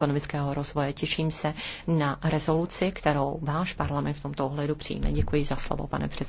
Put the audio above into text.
ekonomického rozvoje. Těším se na rezoluci, kterou váš parlament v tomto ohledu přijme. Děkuji za slovo, pane předsedo.